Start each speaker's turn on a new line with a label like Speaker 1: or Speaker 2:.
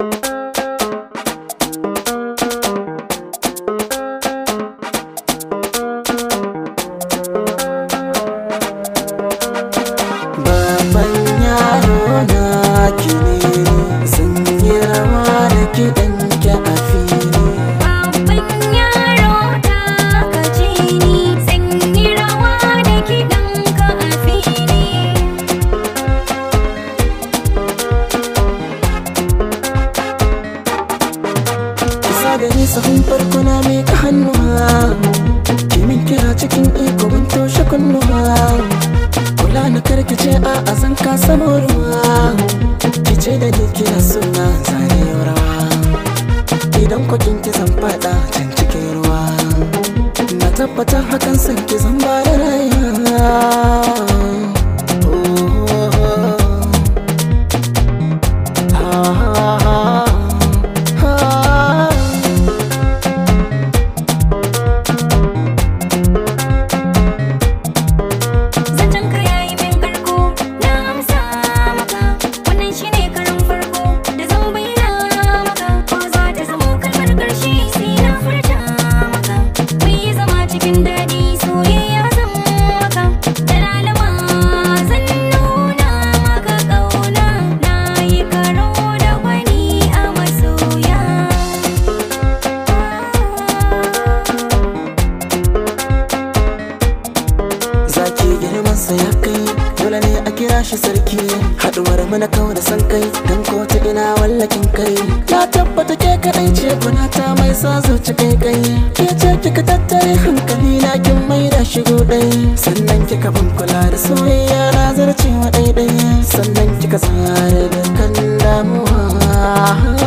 Speaker 1: you gare sahun farko na miƙa hannuwa kimin kira cikin iko ban toshe kunnuwa kula na karkace a azan ka samu ruwa kice da ni kira suna zane rawa idan kwakin ki zan fada can cikin ruwa na tabbatar hakan sanki ki zan ba rayuwa saya kai dole ne a kira shi sarki haɗuwar mu na kauna san kai dan ko ta ina wallakin kai ta tabbata ke kaɗai ce kuna ta mai sa zuci kai kai ke ce kika tattare hankali na kin mai da shigo dai sannan kika ban kula da soyayya na zarcewa dai dai sannan kika tsare da kan damuwa